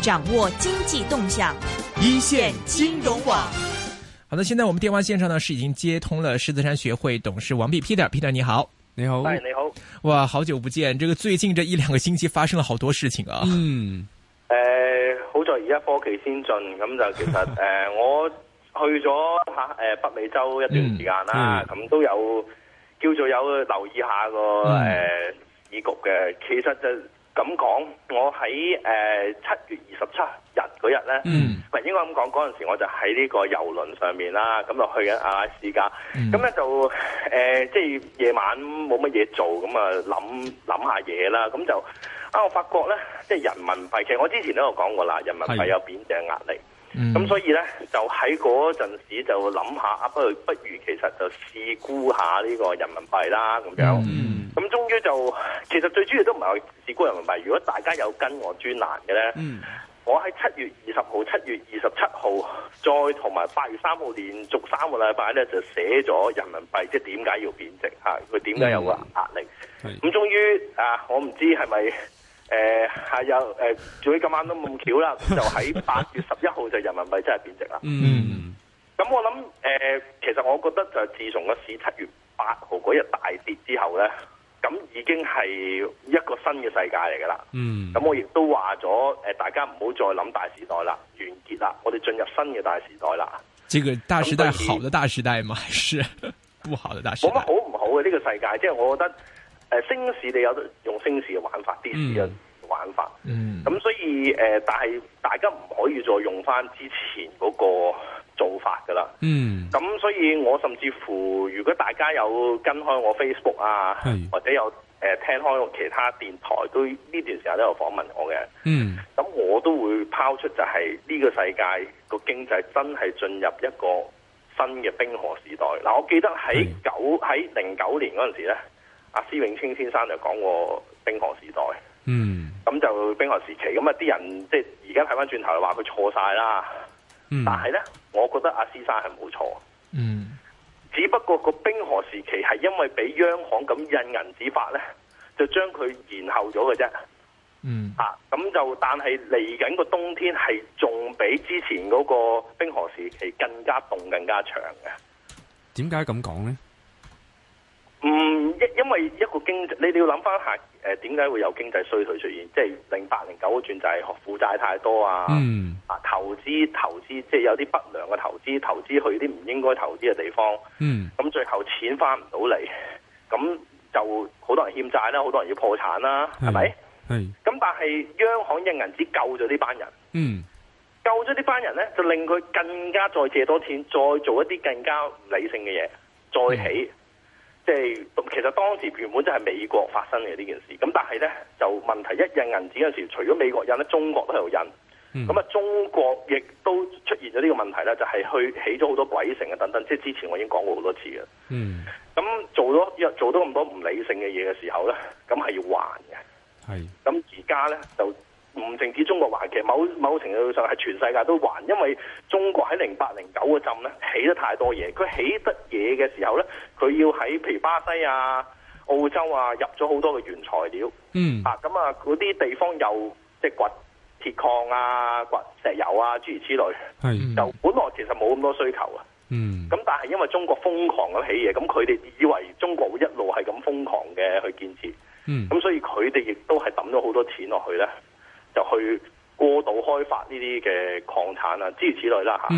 掌握經濟動向，一線金融網。好的，現在我們電話線上呢是已經接通了獅子山學會董事王弼，Peter，Peter 你好，你好，哎你好，哇好久不見，這個最近這一兩個星期發生了好多事情啊，嗯，誒、uh,，好現在而家科技先進，咁就其實誒，我去咗吓誒北美洲一段時間啦，咁都有叫做有留意下個誒市局嘅，其實就。嗯嗯嗯嗯嗯嗯嗯嗯咁講，我喺誒七月二十七日嗰日咧，唔、mm. 應該咁講。嗰陣時我就喺呢個遊輪上面啦，咁、啊 mm. 就去阿拉斯加。咁咧就誒，即係夜晚冇乜嘢做，咁啊諗諗下嘢啦。咁就啊，我發覺咧，即係人民幣，其實我之前都有講過啦，人民幣有貶值壓力。咁、嗯、所以咧，就喺嗰陣時就諗下，不不如其實就試估下呢個人民幣啦，咁樣。咁終於就其實最主要都唔係試沽人民幣。如果大家有跟我專欄嘅咧、嗯，我喺七月二十號、七月二十七號，再同埋八月三號連續三個禮拜咧，就寫咗人民幣，即係點解要貶值嚇？佢點解有個壓力？咁、嗯、終於啊，我唔知係咪。誒，係有誒，最近今晚都冇咁巧啦，就喺八月十一號就人民幣真係貶值啦。嗯，咁、嗯、我諗誒、呃，其實我覺得就自從個市七月八號嗰日大跌之後咧，咁已經係一個新嘅世界嚟噶啦。嗯，咁我亦都話咗誒，大家唔好再諗大時代啦，完結啦，我哋進入新嘅大時代啦。即、這個大時代好的大時代嗎？是不好的大時代？冇乜好唔好嘅呢、這個世界，即係我覺得。誒，升市你有得用升市嘅玩法，跌市嘅玩法。嗯，咁、嗯、所以誒，但、呃、係大家唔可以再用翻之前嗰個做法㗎啦。嗯，咁所以我甚至乎，如果大家有跟開我 Facebook 啊，或者有、呃、聽開我其他電台，都呢段時間都有訪問我嘅。嗯，咁我都會拋出就係、是、呢、這個世界個經濟真係進入一個新嘅冰河時代。嗱，我記得喺九喺零九年嗰陣時咧。阿施永清先生就講過冰河時代，嗯，咁就冰河時期，咁啊啲人即係而家睇翻轉頭就話佢錯晒啦，嗯，但係咧，我覺得阿施生係冇錯，嗯，只不過個冰河時期係因為俾央行咁印銀紙法咧，就將佢延後咗嘅啫，嗯，啊，咁就但係嚟緊個冬天係仲比之前嗰個冰河時期更加凍，更加長嘅，點解咁講咧？嗯，因因為一個經濟，你哋要諗翻下，誒，點解會有經濟衰退出現？即係零八零九嗰轉就係負債太多啊，啊、嗯，投資投資即係有啲不良嘅投資，投資去啲唔應該投資嘅地方，咁、嗯、最後錢翻唔到嚟，咁就好多人欠債啦，好多人要破產啦，係咪？係。咁但係央行印銀紙救咗呢班人，嗯、救咗呢班人咧，就令佢更加再借多錢，再做一啲更加唔理性嘅嘢，再起。嗯即係，其實當時原本真係美國發生嘅呢件事，咁但係咧就問題，一印銀紙嗰時，除咗美國印咧，中國都係有印。咁啊，中國亦都出現咗呢個問題咧，就係、是、去起咗好多鬼城啊等等，即係之前我已經講過好多次嘅。嗯，咁做咗做到咁多唔理性嘅嘢嘅時候咧，咁係要還嘅。係，咁而家咧就。唔淨止中國還，其實某某程度上係全世界都還，因為中國喺零八零九個陣咧起得太多嘢。佢起得嘢嘅時候咧，佢要喺譬如巴西啊、澳洲啊入咗好多嘅原材料，嗯，啊咁啊嗰啲地方又即係掘鐵礦啊、掘石油啊諸如此類，係就本來其實冇咁多需求啊，嗯，咁但係因為中國瘋狂咁起嘢，咁佢哋以為中國會一路係咁瘋狂嘅去建設，嗯，咁所以佢哋亦都係抌咗好多錢落去咧。就去過度開發呢啲嘅礦產啊，諸如此類啦吓，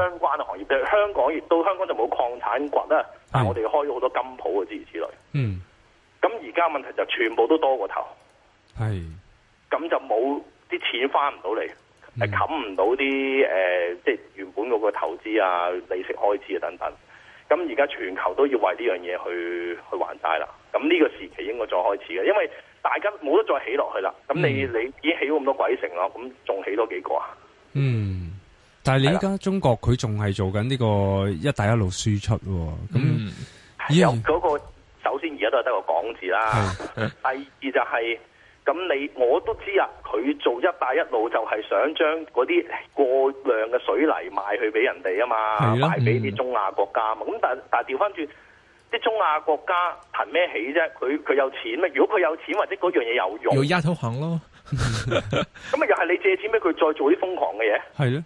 相關嘅行業。如香港亦到香港就冇礦產掘啦，嗯、但我哋開咗好多金鋪啊，諸如此類。嗯，咁而家問題就全部都多過頭，係、嗯、咁就冇啲錢翻唔、嗯、到嚟，係冚唔到啲誒，即係原本嗰個投資啊、利息開支啊等等。咁而家全球都要為呢樣嘢去去還債啦。咁呢個時期應該再開始嘅，因為。大家冇得再起落去啦，咁你、嗯、你已經起咗咁多鬼城咯，咁仲起多幾個啊？嗯，但係你而家中國佢仲係做緊呢個一帶一路輸出，咁由嗰個首先而家都係得個講字啦。第二就係、是、咁你我都知啊，佢做一帶一路就係想將嗰啲過量嘅水泥賣去俾人哋啊嘛，賣俾啲中亞國家嘛。咁、嗯、但但係調翻轉。即中亞國家憑咩起啫？佢佢有錢咩？如果佢有錢，或者嗰樣嘢有用，要押頭行咯。咁咪又係你借錢俾佢，再做啲瘋狂嘅嘢。係咯。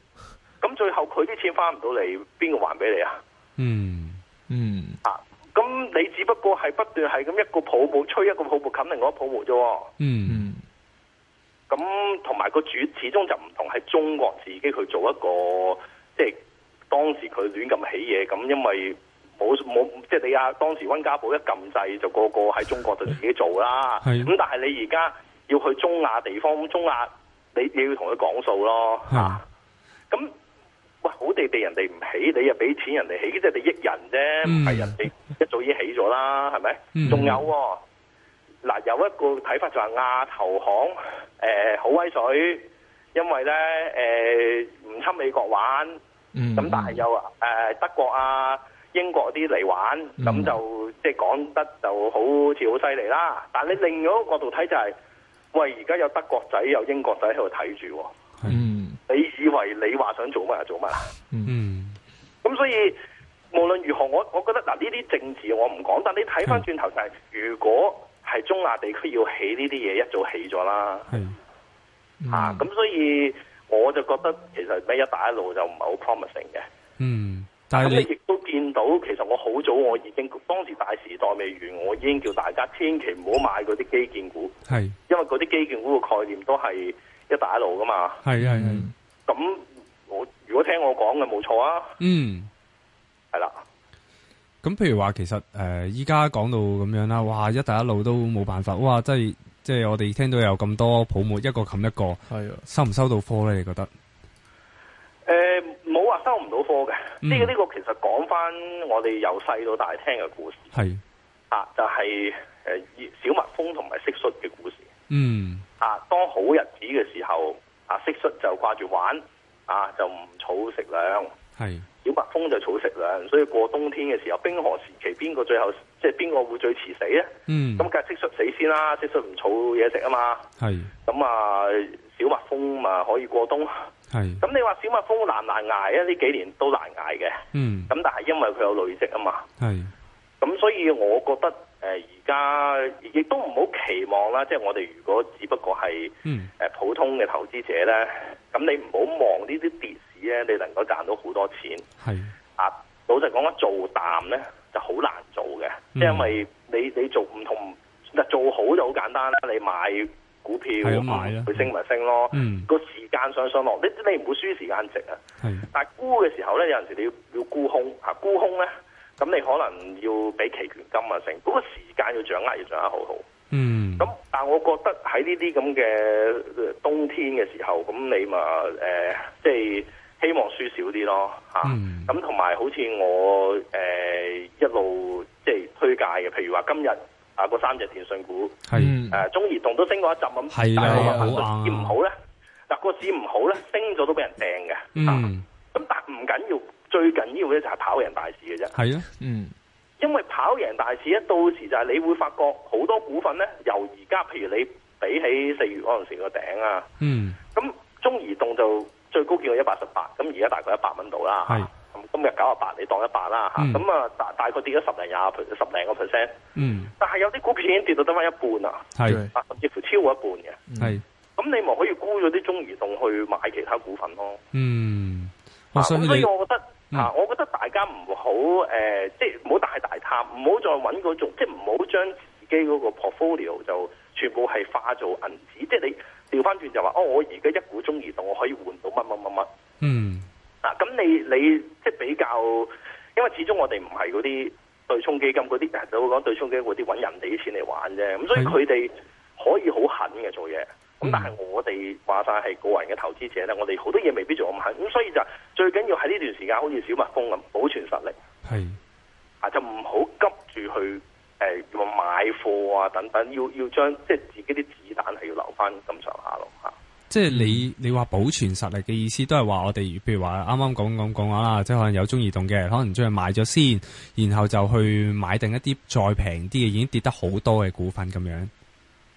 咁最後佢啲錢翻唔到嚟，邊個還俾你啊？嗯嗯。啊，咁你只不過係不斷係咁一個泡沫吹一個泡沫，冚另外一個泡沫啫。嗯。咁同埋個主始終就唔同，係中國自己去做一個，即係當時佢亂咁起嘢咁，因為。冇冇，即係你啊！當時温家寶一撳掣，就個個喺中國度自己做啦。咁 但係你而家要去中亞地方，咁中亞你你要同佢講數咯。咁 哇，好地地人哋唔起，你又俾錢人哋起，即、就、係、是、你益人啫。唔 係人哋一早已起咗啦，係咪？仲 有嗱、啊，有一個睇法就係亞投行，誒、呃、好威水，因為咧誒唔侵美國玩，咁 但係又誒德國啊。英國啲嚟玩，咁就、嗯、即係講得就好似好犀利啦。但你另一個角度睇就係、是，喂，而家有德國仔、有英國仔喺度睇住。嗯，你以為你話想做乜就做乜啦。嗯。咁所以，無論如何，我我覺得嗱，呢啲政治我唔講，但你睇翻轉頭就係，如果係中亞地區要起呢啲嘢，一早起咗啦。係。咁、嗯啊、所以我就覺得其實咩一帶一路就唔係好 promising 嘅。嗯。但係你亦都見到，其實我好早，我已經當時大時代未完，我已經叫大家千祈唔好買嗰啲基建股。係，因為嗰啲基建股嘅概念都係一帶一路噶嘛。係啊係。咁我如果聽我講嘅冇錯啊。嗯。係啦。咁譬如話，其實誒依家講到咁樣啦，哇一帶一路都冇辦法，哇真係即係我哋聽到有咁多泡沫一個冚一個，收唔收到科咧？你覺得收收？呃收唔到科。嘅呢個呢個其實講翻我哋由細到大聽嘅故事係啊就係、是、誒小蜜蜂同埋蟋蟀嘅故事。嗯啊當好日子嘅時候啊蟋蟀就掛住玩啊就唔儲食糧，係小蜜蜂，蜂就儲食糧，所以過冬天嘅時候冰河時期，邊個最後即係邊個會最遲死咧？嗯，咁梗係蟋蟀死先啦，蟋蟀唔儲嘢食嘛，啊蜂蜂嘛，係咁啊，小蜜蜂咪可以過冬。係，咁你話小蜜蜂難唔難挨啊？呢幾年都難挨嘅。嗯，咁但係因為佢有累積啊嘛，係，咁所以我覺得，誒而家亦都唔好期望啦，即係我哋如果只不過係，嗯，誒普通嘅投資者咧，咁你唔好望呢啲跌市咧，你能夠賺到好多錢，係，啊老實講啊做淡咧就好難做嘅，即係因為你你做唔同，嗱做好就好簡單啦，你買。股票、嗯、去升咪升咯，個、嗯、時間上上落，你你唔會輸時間值啊！但係沽嘅時候咧，有陣時你要要沽空嚇，沽空咧，咁你可能要俾期權金啊升，嗰個時間要掌握要掌握好好。嗯，咁但係我覺得喺呢啲咁嘅冬天嘅時候，咁你咪、呃，即係希望輸少啲咯嚇。咁同埋好似我、呃、一路即係推介嘅，譬如話今日。啊！嗰三隻電信股，係誒、啊、中移動都升過一陣，但係冇乜行得。而、啊、唔好咧，嗱個市唔好咧，升咗都俾人掟嘅。嗯，咁、啊、但唔緊要，最緊要咧就係跑贏大市嘅啫。係啊，嗯，因為跑贏大市咧，到時就係你會發覺好多股份咧，由而家譬如你比起四月嗰陣時個頂啊，嗯，咁中移動就最高見到一百十八，咁而家大概一百蚊到啦。係。今日九啊八，你當一百啦嚇，咁啊大大概跌咗十零廿，十零個 percent。嗯，但係有啲股票已經跌到得翻一半喇，係甚至乎超過一半嘅。係、嗯，咁你咪可以沽咗啲中移動去買其他股份咯。嗯，咁、啊、所以我覺得、嗯、啊，我覺得大家唔好誒，即係唔好大大膽，唔好再揾嗰種，即係唔好將自己嗰個 portfolio 就全部係化做銀紙。即、就、係、是、你調翻轉就話，哦，我而家一股中移動，我可以換到乜乜乜乜。嗯。嗱，咁你你即係比較，因為始終我哋唔係嗰啲對沖基金，嗰啲人就會講對沖基金嗰啲揾人哋啲錢嚟玩啫。咁所以佢哋可以好狠嘅做嘢，咁、嗯、但係我哋話晒係個人嘅投資者咧，我哋好多嘢未必做咁狠。咁所以就最緊要喺呢段時間好似小蜜蜂咁保存實力，係吓就唔好急住去誒、呃、買貨啊等等，要要將即係自己啲子彈係要留翻咁上下咯吓。即係你你話保存實力嘅意思，都係話我哋，譬如話啱啱講講講話啦，即係可能有中移動嘅，可能將佢賣咗先，然後就去買定一啲再平啲嘅，已經跌得好多嘅股份咁樣。誒、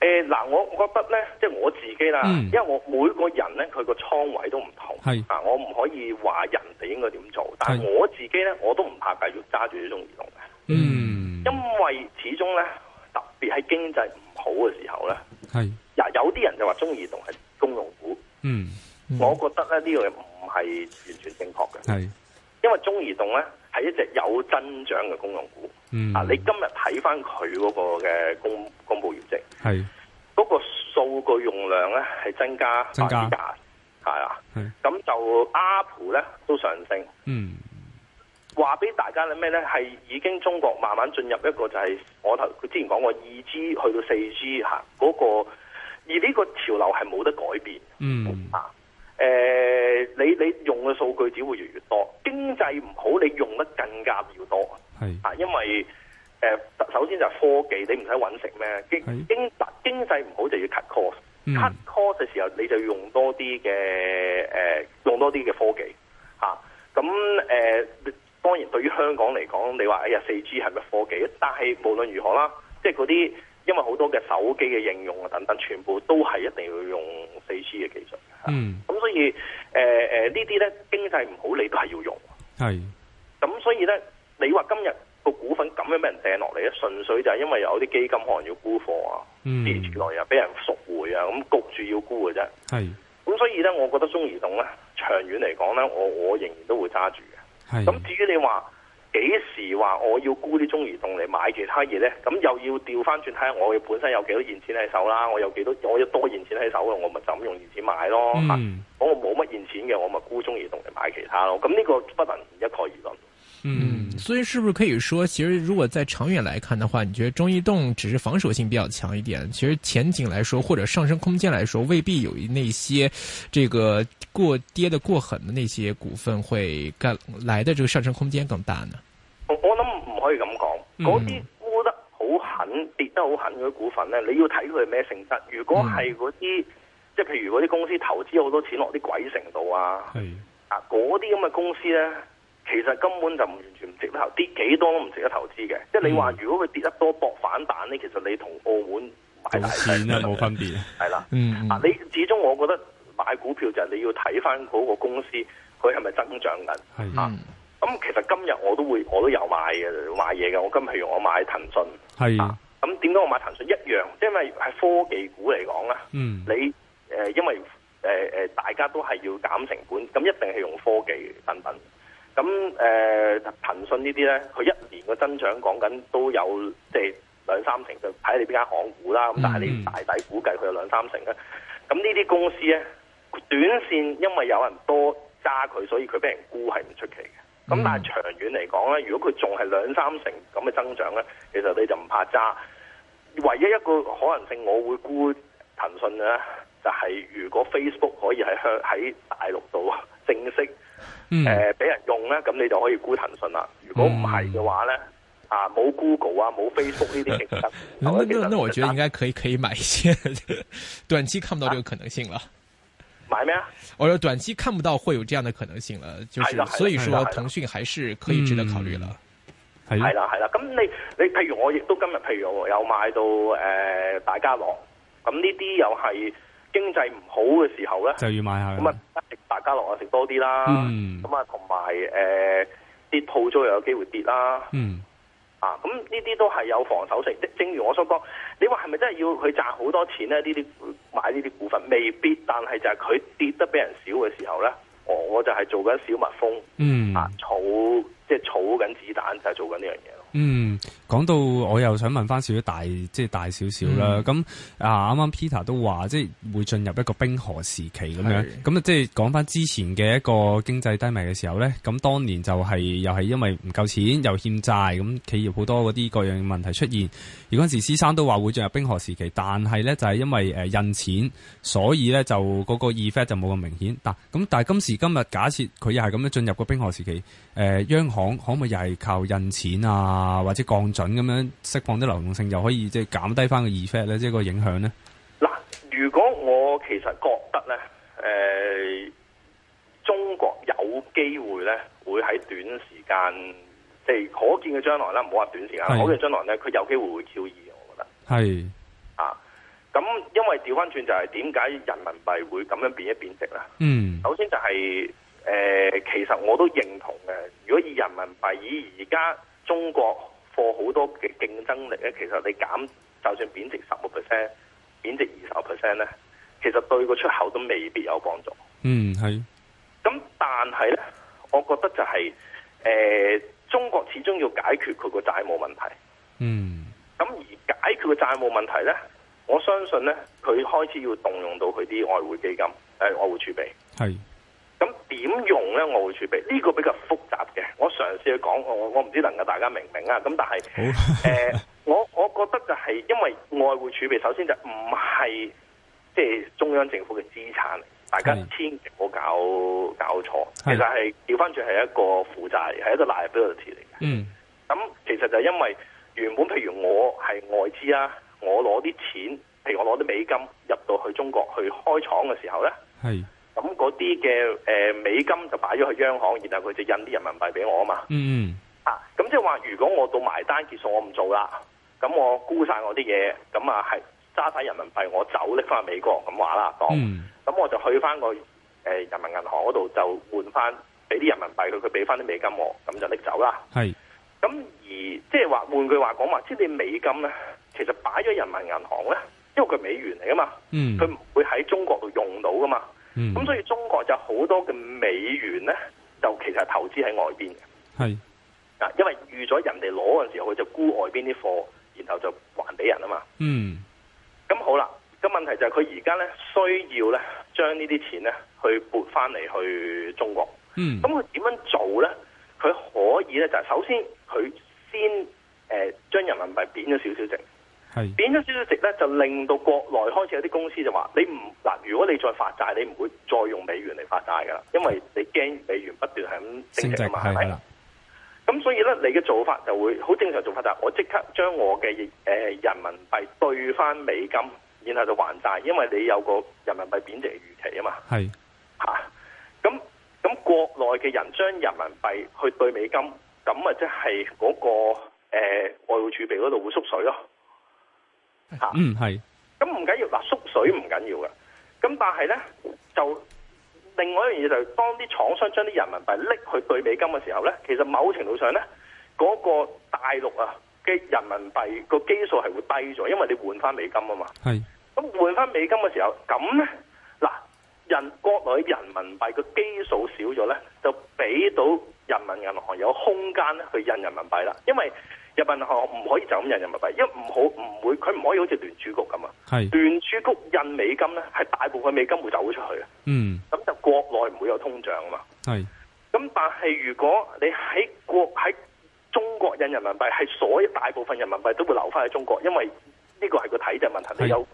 呃，嗱，我我覺得咧，即係我自己啦、嗯，因為我每個人咧佢個倉位都唔同，係我唔可以話人哋應該點做，但係我自己咧，我都唔怕繼續揸住呢中移動嘅。嗯，因為始終咧，特別喺經濟唔好嘅時候咧，係，有有啲人就話中移動係。公用股。嗯，嗯，我覺得咧呢個唔係完全正確嘅，係，因為中移動咧係一隻有增長嘅公用股，嗯，啊，你今日睇返佢嗰個嘅公公佈業績，係，嗰、嗰個數據用量咧係增加，增加，係啊，咁就 ARPU 咧都上升，嗯，話俾大家咧咩咧，係已經中國慢慢進入一個就係我頭佢之前講過二 G 去到四 G 吓嗰個。而呢個潮流係冇得改變，嗯啊，誒，你你用嘅數據只會越來越多。經濟唔好，你用得更加要多，係啊，因為誒、呃，首先就係科技，你唔使揾食咩？經經濟經濟唔好就要 cut cost，cut cost 嘅、嗯、cost 時候，你就要用多啲嘅誒，用多啲嘅科技吓。咁、啊、誒、呃，當然對於香港嚟講，你話哎呀四 G 係咪科技？但係無論如何啦，即係嗰啲。因為好多嘅手機嘅應用啊等等，全部都係一定要用四 C 嘅技術。嗯。咁所以，誒、呃、誒、呃、呢啲咧經濟唔好你都係要用。係。咁所以咧，你話今日個股份咁樣俾人掟落嚟咧，純粹就係因為有啲基金可能要沽貨啊，未來又俾人贖回啊，咁焗住要沽嘅啫。係。咁所以咧，我覺得中移動咧，長遠嚟講咧，我我仍然都會揸住嘅。係。咁至於你話，幾時話我要沽啲中移動嚟買其他嘢咧？咁又要調翻轉睇下我本身有幾多現錢喺手啦。我有幾多，我有多現錢喺手嘅？我咪就咁用現錢買咯。嗯，我冇乜現錢嘅，我咪沽中移動嚟買其他咯。咁呢個不能一概而論。嗯，所以是不是可以說，其實如果在長遠來看的話，你覺得中移動只是防守性比較強一點，其實前景來說或者上升空間來說，未必有那些，這個過跌得過狠的那些股份會更來的這個上升空間更大呢？我我諗唔可以咁講，嗰啲沽得好狠跌得好狠嗰啲股份呢，你要睇佢係咩性質。如果係嗰啲，即係譬如嗰啲公司投資好多錢落啲鬼城度啊，係啊嗰啲咁嘅公司咧。其實根本就唔完全唔值得投，跌幾多都唔值得投資嘅。即係你話，如果佢跌得多博反彈呢，其實你同澳門買大細冇，啊、分別。係啦，嗯，啊，你始終我覺得買股票就係你要睇翻嗰個公司佢係咪增長緊。吓，咁、啊嗯、其實今日我都會我都有買嘅買嘢嘅。我今日係用我買騰訊，係。咁點解我買騰訊一樣？因為係科技股嚟講啊。嗯，你誒、呃、因為誒誒、呃、大家都係要減成本，咁一定係用科技等等。咁誒、呃，騰訊呢啲呢，佢一年嘅增長講緊都有即係兩三成，就睇你邊間行股啦。咁但係你大抵估計佢有兩三成咧。咁呢啲公司呢，短線因為有人多揸佢，所以佢俾人沽係唔出奇嘅。咁但係長遠嚟講呢，如果佢仲係兩三成咁嘅增長呢，其實你就唔怕揸。唯一一個可能性，我會沽騰訊呢，就係、是、如果 Facebook 可以喺喺大陸度正式。誒、嗯，俾、呃、人用咧，咁你就可以估騰訊啦。如果唔係嘅話咧、嗯，啊，冇 Google 啊，冇 Facebook 呢啲，其實咁我都覺得應該可以可以買一些，短期看不到這個可能性啦、啊。買咩啊？我話短期看不到會有這樣的可能性啦就是，是，是所以說騰訊還是可以值得考慮啦。係啦係啦，咁、嗯、你你譬如我亦都今日譬如我有買到誒、呃，大家樂，咁呢啲又係經濟唔好嘅時候咧，就要買下咁啊。多啲啦，咁啊，同埋誒，跌鋪租又有機會跌啦、嗯，啊，咁呢啲都係有防守性。即正如我所講，你話係咪真係要佢賺好多錢咧？呢啲買呢啲股份未必，但係就係佢跌得比人少嘅時候咧，我就係做緊小蜜蜂，嗯、啊，儲即係儲緊子彈就係、是、做緊呢樣嘢咯。嗯講到我又想問翻少少大，即係大少少啦。咁、嗯、啊啱啱 Peter 都話，即係會進入一個冰河時期咁樣，咁、啊，即係講翻之前嘅一個經濟低迷嘅時候咧，咁當年就係又係因為唔夠錢，又欠債，咁企業好多嗰啲各樣問題出現。而嗰陣時師生都話會進入冰河時期，但係咧就係因為誒印錢，所以咧就嗰個 effect 就冇咁明顯。咁但係今時今日，假設佢又係咁樣進入個冰河時期，呃、央行可唔可以又係靠印錢啊，或者降？咁咁樣釋放啲流動性，又可以即係減低翻個 effect 咧，即係個影響咧。嗱，如果我其實覺得咧，誒、呃，中國有機會咧，會喺短時間，即係可見嘅將來啦，唔好話短時間，可見將來咧，佢有機會會超二，我覺得係啊。咁因為調翻轉就係點解人民幣會咁樣變一變值咧？嗯，首先就係，誒，其實我都認同嘅。如果以人民幣以而家中國。過好多嘅競爭力咧，其實你減就算貶值十個 percent，貶值二十 percent 咧，其實對個出口都未必有幫助。嗯，係。咁但係咧，我覺得就係、是呃，中國始終要解決佢個債務問題。嗯。咁而解決個債務問題咧，我相信咧，佢開始要動用到佢啲外匯基金、呃，外匯儲備。係。咁點用咧？外匯儲備呢、呢個比較複雜嘅，我嘗試去講，我我唔知能夠大家明唔明啊？咁但係、 呃、我我覺得就係因為外匯儲備，首先就唔係即係中央政府嘅資產，大家千祈唔好搞搞錯。其實係調翻轉係一個負債，係一個 liability 嚟嘅。嗯，咁其實就因為原本譬如我係外資啊，我攞啲錢，譬如我攞啲美金入到去中國去開廠嘅時候咧，咁嗰啲嘅誒美金就擺咗去央行，然後佢就印啲人民幣俾我啊嘛。嗯，咁即係話，如果我到埋單結束，我唔做啦，咁我沽晒我啲嘢，咁啊係揸晒人民幣，我走拎翻美國咁話啦，當。咁、嗯、我就去翻個、呃、人民銀行嗰度就換翻俾啲人民幣佢，佢俾翻啲美金我，咁就拎走啦。咁、啊、而即係話換句話講話，即你美金咧，其實擺咗人民銀行咧，因為佢美元嚟噶嘛。嗯。佢唔會喺中國度用到噶嘛。咁、嗯、所以中國就好多嘅美元咧，就其實投資喺外邊嘅。係啊，因為預咗人哋攞嗰陣時候，佢就沽外邊啲貨，然後就還俾人啊嘛。嗯。咁好啦，個問題就係佢而家咧需要咧將呢啲錢咧去撥翻嚟去中國。嗯。咁佢點樣做咧？佢可以咧就係、首先佢先誒、呃、將人民幣貶咗少少值。貶咗少少值咧，就令到國內開始有啲公司就話：你唔嗱，如果你再發債，你唔會再用美元嚟發債噶啦，因為你驚美元不斷係咁升值啊嘛，係咪？咁所以咧，你嘅做法就會好正常做法就係。我即刻將我嘅誒、呃、人民幣兌翻美金，然後就還債，因為你有個人民幣貶值嘅預期啊嘛。係吓，咁、啊、咁國內嘅人將人民幣去兌美金，咁咪即係嗰個誒、呃、外匯儲備嗰度會縮水咯。吓、嗯，嗯係，咁唔緊要，嗱、啊、縮水唔緊要嘅，咁但係咧就另外一樣嘢就，係當啲廠商將啲人民幣搦去兌美金嘅時候咧，其實某程度上咧，嗰、那個大陸啊嘅人民幣個基數係會低咗，因為你換翻美金啊嘛，係，咁換翻美金嘅時候，咁咧，嗱、啊、人國內人民幣個基數少咗咧，就俾到人民銀行有空間去印人民幣啦，因為。日本銀行唔可以就咁印人民幣，因為唔好唔會佢唔可以好似聯儲局咁啊。係聯儲局印美金咧，係大部分美金會走出去啊。嗯，咁就國內唔會有通脹啊嘛。係，咁但係如果你喺國喺中國印人民幣，係所有大部分人民幣都會留翻喺中國，因為呢個係個體制問題，你有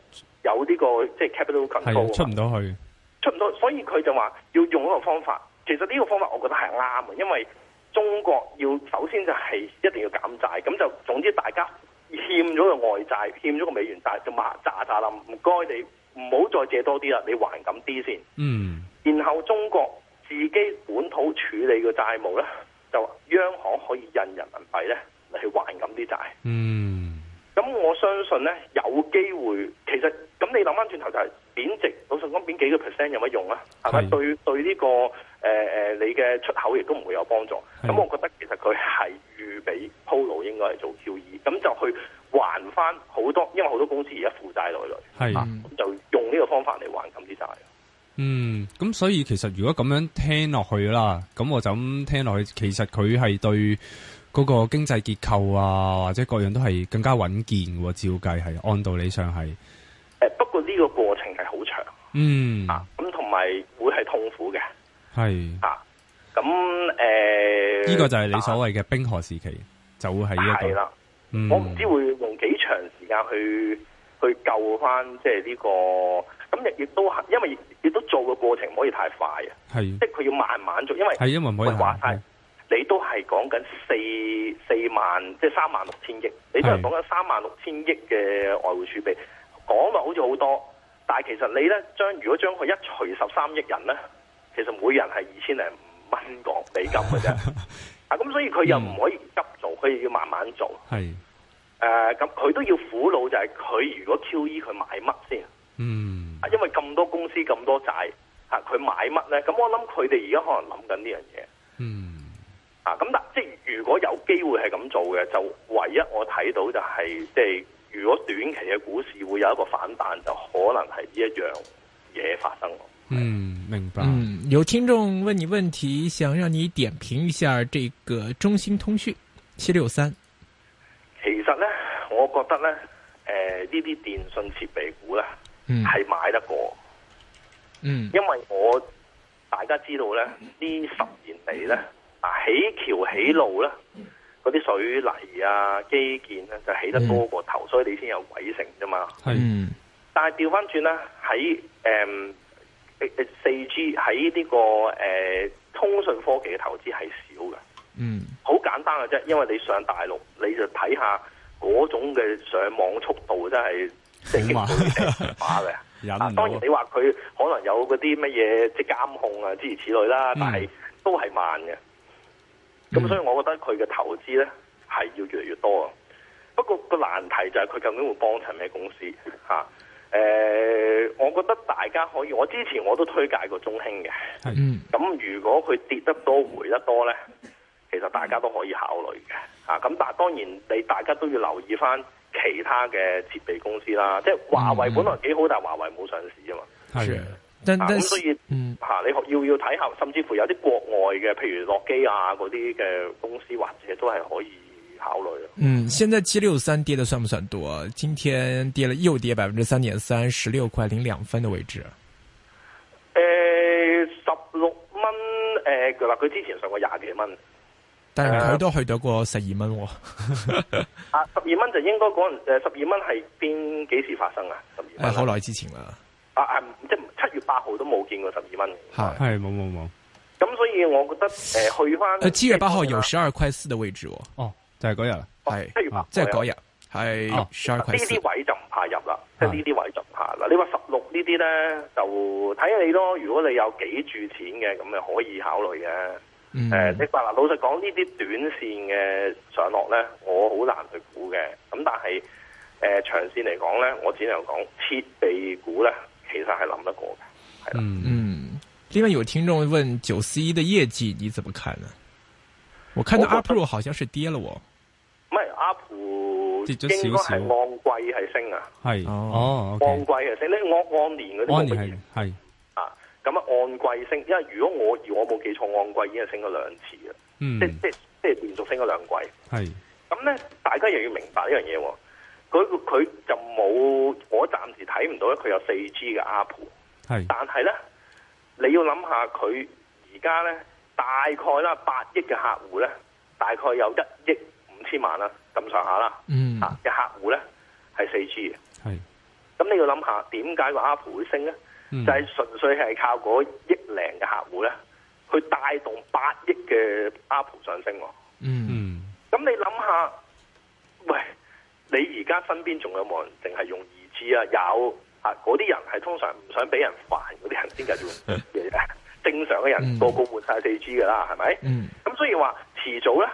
有呢個即係 capital control，出唔到去，出唔到，所以佢就話要用一個方法。其實呢個方法我覺得係啱嘅，因為中國要首先就係一定要減。大咁就，總之大家欠咗個外債，欠咗個美元債就麻炸炸啦！唔該你，唔好再借多啲啦，你還咁啲先。嗯，然後中國自己本土處理嘅債務咧，就央行可以印人民幣咧去還咁啲債。嗯，咁我相信咧有機會，其實咁你諗翻轉頭就係貶值，老實講貶幾個 percent 有乜用啊？係咪對對呢、這個誒誒、呃、你嘅出口亦都唔會有幫助？咁我覺得其實佢係。俾 Polo 應該係做 QE，咁就去還翻好多，因為好多公司而家負債累累，係啊，咁就用呢個方法嚟還緊啲債。嗯，咁所以其實如果咁樣聽落去啦，咁我就咁聽落去，其實佢係對嗰個經濟結構啊，或者各樣都係更加穩健喎。照計係，按道理上係。誒、欸，不過呢個過程係好長，嗯啊，咁同埋會係痛苦嘅，係啊。咁誒，依、呃，呢個就係你所謂嘅冰河時期，就會喺呢一度。我唔知會用幾長時間去去救翻即係呢個。咁亦亦都因為亦都做嘅過程唔可以太快啊。係，即係佢要慢慢做，因為係因為唔可以話你都係講緊四四萬，即係三萬六千億。你都係講緊三萬六千億嘅外匯儲備，講落好似好多，但係其實你咧將如果將佢一除十三億人咧，其實每人係二千零三角美金嘅啫，啊咁所以佢又唔可以急做，佢、嗯、要慢慢做。係，誒咁佢都要苦惱就係佢如果 QE 佢買乜先、啊？嗯，啊因為咁多公司咁多債，吓、啊、佢買乜咧？咁我諗佢哋而家可能諗緊呢樣嘢。嗯，啊咁但即係如果有機會係咁做嘅，就唯一我睇到就係、是、即係如果短期嘅股市會有一個反彈，就可能係呢一樣嘢發生。嗯，明白、嗯。有聽眾問你問題，想讓你點評一下這個中興通訊七六三。其實呢，我覺得呢，誒呢啲電信設備股呢，嗯，係買得過，嗯，因為我大家知道咧，呢十年嚟呢，啊起橋起路呢，嗰啲水泥啊基建呢、啊、就起得多過頭，嗯、所以你先有鬼城啫嘛。係、嗯，但係調翻轉呢喺誒。在呃四 G 喺呢個誒、呃、通訊科技嘅投資係少嘅，嗯，好簡單嘅啫，因為你上大陸，你就睇下嗰種嘅上網速度真係，好慢， 當然你話佢可能有嗰啲乜嘢即係監控啊，諸如此類啦，但係都係慢嘅。咁、嗯、所以我覺得佢嘅投資咧係要越嚟越多啊。不過個難題就係佢究竟會幫襯咩公司吓？啊誒、呃，我覺得大家可以，我之前我都推介過中興嘅，咁如果佢跌得多，回得多呢，其實大家都可以考慮嘅，咁、啊、但當然你大家都要留意翻其他嘅設備公司啦，嗯、即係華為本來幾好，但係華為冇上市啊嘛，係啊，咁、啊、所以吓、啊，你要要睇下，甚至乎有啲國外嘅，譬如諾基亞嗰啲嘅公司，或者都係可以。考慮嗯，現在七六三跌得算唔算多啊？今天跌了，又跌百分之三點三，十六塊零兩分的位置。誒、呃，十六蚊誒，嗱、呃，佢之前上過廿幾蚊，但係佢都去到過十二蚊。呃、 啊，十二蚊就應該講誒，十二蚊係邊幾時發生啊？十二蚊、呃、好耐之前啦。啊即係七月八號都冇見過十二蚊。係冇冇冇。咁所以我覺得誒、呃，去翻七、呃、月八號有十二塊四嘅位置哦。哦就係嗰日，係即係即係嗰日係 short 呢啲位就唔怕入啦，即、哦、係、啊這個、呢啲位就唔怕啦。你話十六呢啲咧，就睇你咯。如果你有幾注錢嘅，咁咪可以考慮嘅。誒、嗯，你話嗱，老實講呢啲短線嘅上落咧，我好難去估嘅。咁但係誒、呃、長線嚟講咧，我只能講設備股咧，其實係諗得過嘅。係啦，嗯嗯。另外有聽眾問九四一嘅業績，你怎麼看呢？我看到 Apple 好像是跌了，唔係 Apple 跌咗少少，按季係升啊，係哦，按季係升咧，我按年嗰啲，按年係啊，咁啊、嗯、按季升，因為如果我而我冇記錯，按季已經係升咗兩次嘅，嗯，即即即係連續升咗兩季，係，咁咧大家又要明白呢樣嘢，佢佢就冇，我暫時睇唔到咧，佢有四 G 嘅 Apple 係，但係咧你要諗下佢而家咧。大概啦，八億嘅客戶咧，大概有一億五千萬啦，咁上下啦。嗯，吓嘅客戶咧係四 G 嘅。係，咁你要諗下，點解個 Apple 會升咧？嗯？就係、是、純粹係靠嗰億零嘅客戶咧，去帶動八億嘅 Apple 上升。嗯，咁你諗下，喂，你而家身邊仲有冇人淨係用二 G 啊？有吓，嗰啲人係通常唔想俾人煩嗰啲人先繼續用嘅。哎正常嘅人、嗯、個個換晒四 G 噶啦，係咪？咁、嗯、所以話遲早咧，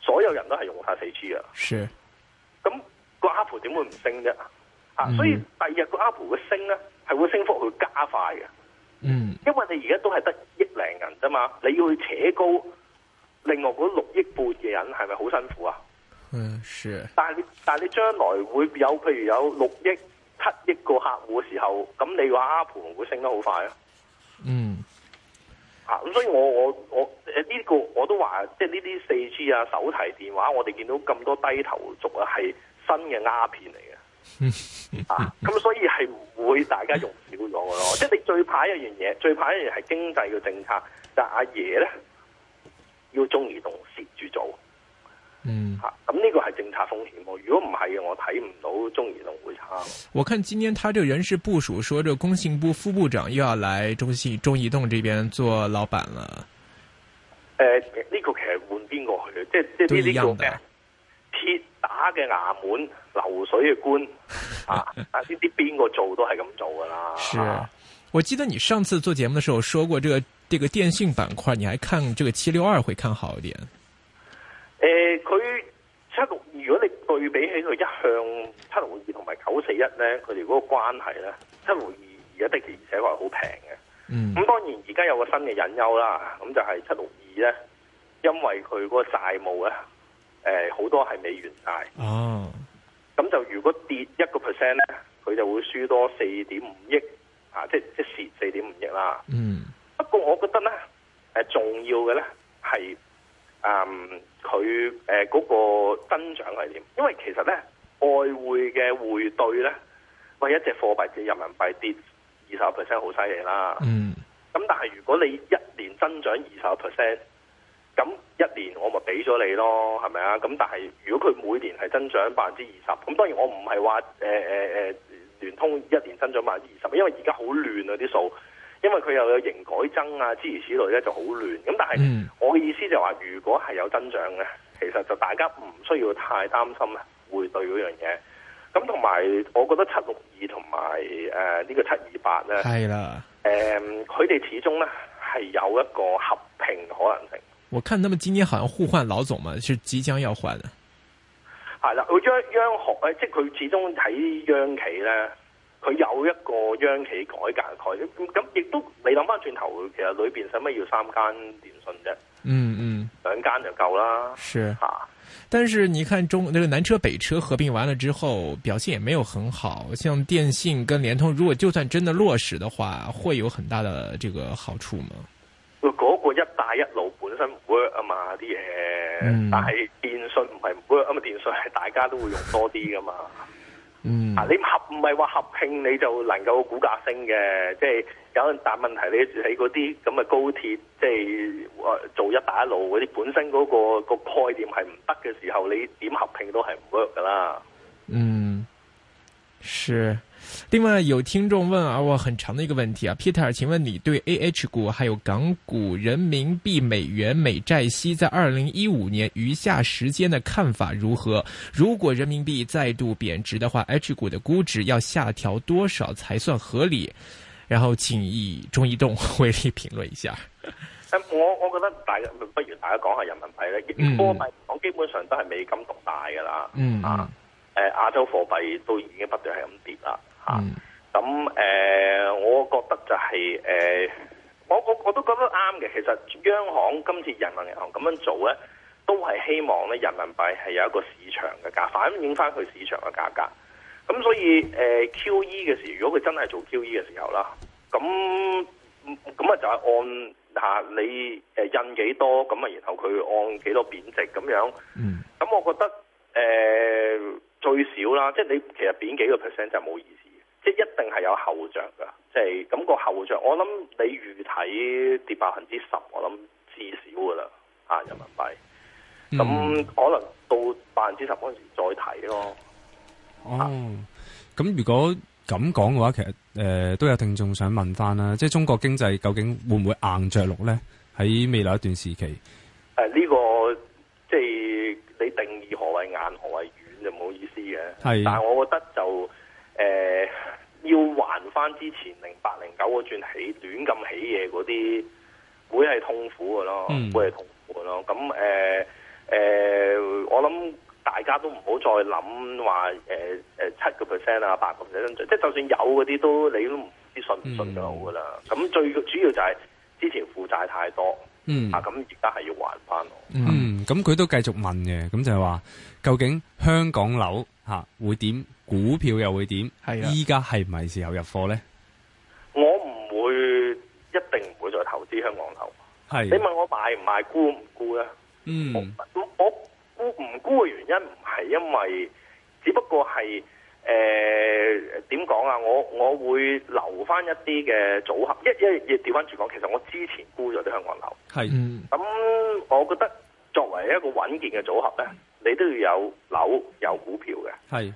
所有人都係用晒四 G 啊。是。咁、那個 a p p 點會唔升啫、嗯？啊，所以第二個 a p p l 升咧，係會升幅去加快嘅。嗯。因為你現在是而家都係得億零人啊嘛，你要去扯高，另外嗰六億半嘅人係咪好辛苦啊？嗯，是。但係你但係你將來會有譬如有六億七億個客戶嘅時候，咁你話 a p p 會升得好快啊？嗯。啊，咁所以我我我誒呢個我都話，即係呢啲四 G 啊，手提電話，我哋見到咁多低頭族啊，係新嘅鴉片嚟嘅。啊，咁所以係唔會大家用少咗嘅咯。即係你最怕一樣嘢，最怕一樣係經濟嘅政策，但係阿爺咧要中移動蝕住做。嗯吓，咁、啊、呢、嗯，這個係政策風險喎。如果唔係嘅，我睇唔到中移動會差。我看今天他這個人事部署，說說這個、工信部副部長又要來中信、中移動這邊做老闆了。誒、呃、呢、這個其實換邊個去，即係即係呢呢個鐵打嘅衙門流水嘅官啊！但係呢啲邊個做都係咁做噶啦。是、啊、我記得你上次做節目嘅時候說過，這個這個電信板塊，你還看這個七六二會看好一點。誒、呃，佢七六二，如果你對比起佢一向七六二同埋九四一咧，佢哋嗰個關係咧，七六二而家的而且確係好平嘅。嗯，咁當然而家有個新嘅隱憂啦，咁就係七六二咧，因為佢嗰個債務咧，誒、呃、好多係美元債。哦，咁就如果跌一個 percent 咧，佢就會輸多四點五億啊，即即蝕四點五億啦。嗯，不過我覺得咧，誒重要嘅咧係，嗯。佢誒嗰個增長係點？因為其實咧，外匯嘅匯兌咧，為一隻貨幣嘅人民幣跌二十 percent 好犀利啦。嗯，咁但係如果你一年增長二十 percent，咁一年我咪俾咗你咯，係咪啊？咁但係如果佢每年係增長百分之二十，咁當然我唔係話誒誒誒聯通一年增長百分之二十，因為而家好亂啊啲數。因為佢又有營改增啊，諸如此類咧就好亂。咁但係我嘅意思就話，如果係有增長咧、嗯，其實就大家唔需要太擔心啊匯兌嗰樣嘢。咁同埋我覺得七六二同埋誒呢個七二八咧，係、嗯、啦，誒佢哋始終咧係有一個合併可能性。我看，佢哋，今年好像互換老總嘛，是即將要換啦。係啦，佢央央行誒，即係佢始終睇央企咧。佢有一個央企改革概念，佢咁亦都你諗翻轉頭，其實裏面使乜要三間電信啫？嗯嗯，兩間就夠啦。是嚇、啊，但是你看中，那個南車北車合併完了之後，表現也沒有很好。像電信跟聯通，如果就算真的落實的話，會有很大的這個好處嗎？嗰、那個一帶一路本身唔 work 啊嘛啲嘢、嗯，但係電信唔係唔 work，咁啊電信係大家都會用多啲噶嘛。嗯，啊，你合唔係話合併你就能夠股價升嘅，即係有。大問題你住喺嗰啲咁嘅高鐵，即係、呃、做一帶一路嗰啲，嗰啲本身嗰、嗰個、嗰個概念係唔得嘅時候，你點合併都係唔 work 噶啦。嗯，是。另外有聽眾問啊，我很長的一個問題啊，Peter，請問你對 AH 股還有港股人民幣、美元、美債息在二零一五年餘下時間的看法如何？如果人民幣再度貶值的話，H 股的估值要下調多少才算合理？然後請以中移動為例評論一下。我我覺得大家不如大家講一下人民幣咧，貨幣講基本上都係美金獨大的啦，嗯，啊，誒、呃，亞洲貨幣都已經不斷係咁跌啦。啊、嗯，咁誒、呃、我覺得就係、是、誒、呃、我我我都覺得啱嘅。其實央行今次人民銀行咁樣做咧，都係希望咧人民幣係有一個市場嘅價，反映翻佢市場嘅價格。咁所以誒、呃、QE 嘅時候如果佢真係做 QE 嘅時候啦，咁咁啊就係按吓你誒印幾多，咁啊然後佢按幾多貶值咁樣。嗯。咁我覺得誒、呃、最少啦，即係你其實貶幾個 percent 就冇、是、意思。即係一定係有後着噶，即係咁、嗰個後着。我諗你預睇跌百分之十，我諗至少噶啦，啊人民幣。咁、嗯、可能到百分之十嗰時候再睇咯。哦，咁、啊、如果咁講嘅話，其實誒、呃、都有聽眾想問翻啦，即係中國經濟究竟會唔會硬着陸咧？喺未來一段時期。誒、呃，呢、這個即係你定義何為硬，何為軟就冇意思嘅。係，但係我覺得就。誒、呃，要還翻之前零八零九個轉起，短咁起嘢嗰啲，會係痛苦噶咯，嗯、會係痛苦咯。咁誒誒，我諗大家都唔好再諗話誒誒七個 percent 啊，八個 percent，即係就算有嗰啲都，你都唔知信唔信得落噶啦。咁、嗯、最主要就係之前負債太多，嗯，啊，咁而家係要還翻咯。嗯、咁、嗯、佢、嗯嗯嗯嗯、都繼續問嘅，咁就係話究竟香港樓吓、啊、會點？股票又會點？依家係唔係時候入貨呢？我唔會一定唔會再投資香港樓。係你問我買唔買沽唔沽咧？嗯，我沽唔沽嘅原因唔係因為，只不過係誒點講啊？我我會留翻一啲嘅組合。一一亦調翻轉講，其實我之前沽咗啲香港樓。係咁、嗯嗯，我覺得作為一個穩健嘅組合呢，你都要有樓有股票嘅。係。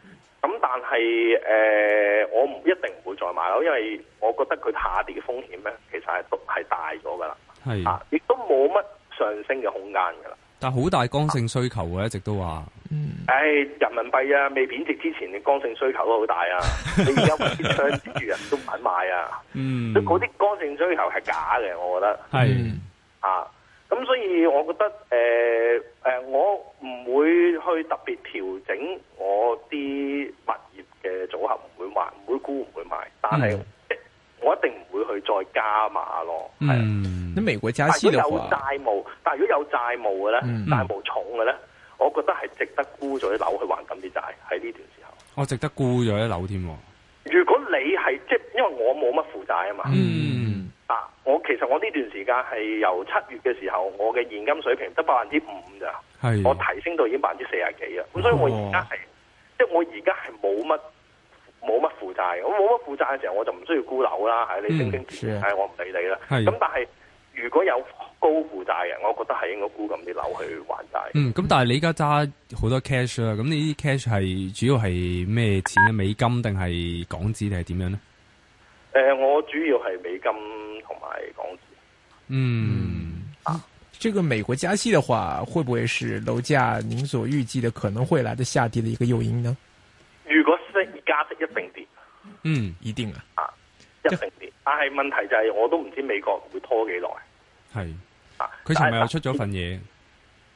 但係誒、呃，我唔一定唔會再買咯，因為我覺得佢下跌嘅風險咧，其實係、啊、都係大咗噶啦，吓亦都冇乜上升嘅空間噶啦。但係好大剛性需求嘅，一直都話，嗯，誒、哎，人民幣啊，未貶值之前嘅剛性需求都好大啊，你而家啲槍支住人都唔肯買啊，嗯，所以嗰啲剛性需求係假嘅，我覺得係，咁、嗯、所以，我覺得誒誒、呃呃，我唔會去特別調整我啲物業嘅組合，唔會賣，唔會沽，唔會賣。但係、嗯、我一定唔會去再加碼咯。係。你美國加有債務，但係如果有債務嘅咧、嗯嗯，債務重嘅咧，我覺得係值得沽咗啲樓去還緊啲債。喺呢段時候，我值得沽咗啲樓添。如果你係即係，因為我冇乜負債啊嘛。嗯。啊！我其實我呢段時間係由七月嘅時候，我嘅現金水平得百分之五咋，的我提升到已經百分之四十幾啦。咁、哦、所以我而家係，即、就、係、是、我而家係冇乜冇乜負債嘅，我冇乜負債嘅時候，我就唔需要沽樓啦，係你升升跌，係我唔理你啦。咁的的但係如果有高負債嘅，我覺得係應該沽咁啲樓去還債。嗯，咁但係你而家揸好多 cash 啦，咁呢啲 cash 係主要係咩錢咧？美金定係港紙定係點樣咧？誒、呃，我主要係美金同埋港紙。嗯，啊，呢個美國加息嘅話，會唔會係樓價您所預計嘅可能會來得下跌嘅一個誘因呢？如果升而加息一定跌，嗯，一定啊，啊一定跌。但係問題就係、是，我都唔知美國會拖幾耐。係啊，佢前日又出咗份嘢。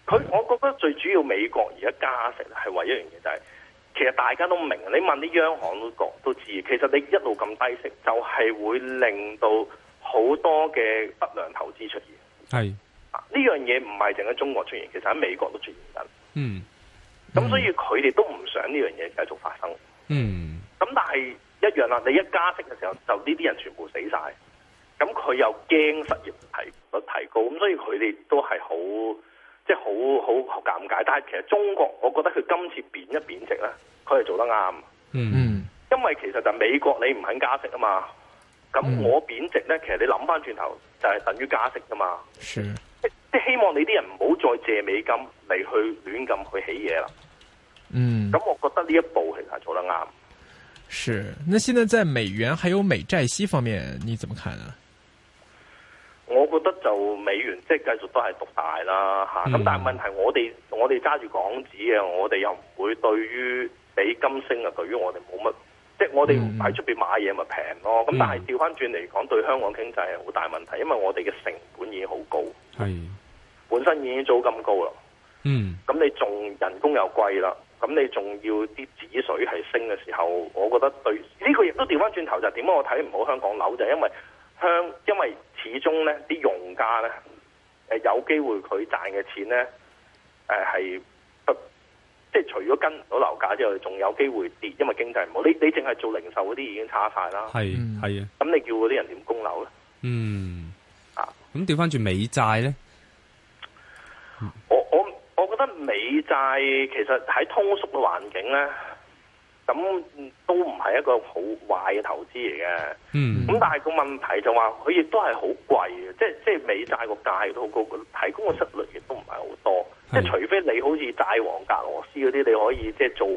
佢、嗯、我覺得最主要美國而家加息咧，係唯一樣嘢就係、是。其實大家都明，你問啲央行都講都知。其實你一路咁低息，就係會令到好多嘅不良投資出現。係啊，呢樣嘢唔係淨喺中國出現，其實喺美國都出現緊。嗯，咁所以佢哋都唔想呢樣嘢繼續發生。嗯，咁但係一樣啦，你一加息嘅時候，就呢啲人全部死晒。咁佢又驚失業率提高，咁所以佢哋都係好。好好好，尷尬，但係其實中國，我覺得佢今次貶一貶值咧，佢係做得啱、嗯。嗯，因為其實就美國你唔肯加息啊嘛，咁我貶值咧、嗯，其實你諗翻轉頭就係等於加息噶嘛。是，即即希望你啲人唔好再借美金嚟去亂咁去起嘢啦。嗯，咁我覺得呢一步其實係做得啱。是，那現在在美元還有美債息方面，你怎麼看啊？我覺得就美元即係繼續都係獨大啦，咁、嗯、但係問題是我，我哋我哋揸住港紙嘅，我哋又唔會對於比金星啊，對於我哋冇乜，即係我哋喺出面買嘢咪平咯。咁、嗯、但係調翻轉嚟講，對香港經濟係好大問題，因為我哋嘅成本已經好高，本身已經租金高啦。嗯，咁你仲人工又貴啦，咁你仲要啲紙水係升嘅時候，我覺得對呢、這個亦都調翻轉頭就係點解我睇唔好香港樓就係因為。香，因為始終咧啲用家咧，誒有機會佢賺嘅錢咧，誒係不，即係除咗跟唔到樓價之外，仲有機會跌，因為經濟唔好。你你淨係做零售嗰啲已經差晒啦。係係啊，咁你叫嗰啲人點供樓咧？嗯啊，咁調翻轉美債咧？我我我覺得美債其實喺通縮嘅環境咧。咁都唔係一個好壞嘅投資嚟嘅，咁、嗯、但係個問題就話佢亦都係好貴嘅，即係即係美債個價亦都好高，提供嘅息率亦都唔係好多，即係除非你好似債王格羅斯嗰啲，你可以即係做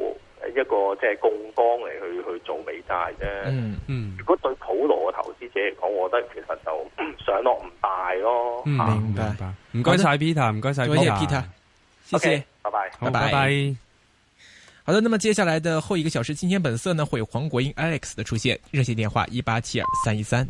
一個即係槓桿嚟去去做美債啫。嗯嗯，如果對普羅嘅投資者嚟講，我覺得其實就上落唔大咯。嗯、明白，唔該晒 Peter，唔該曬 Peter，拜拜、okay，拜拜。好的，那麼接下來的後一個小時《金錢本色》呢，會有黃國英 Alex 的出現。熱線電話：一八七二三一三。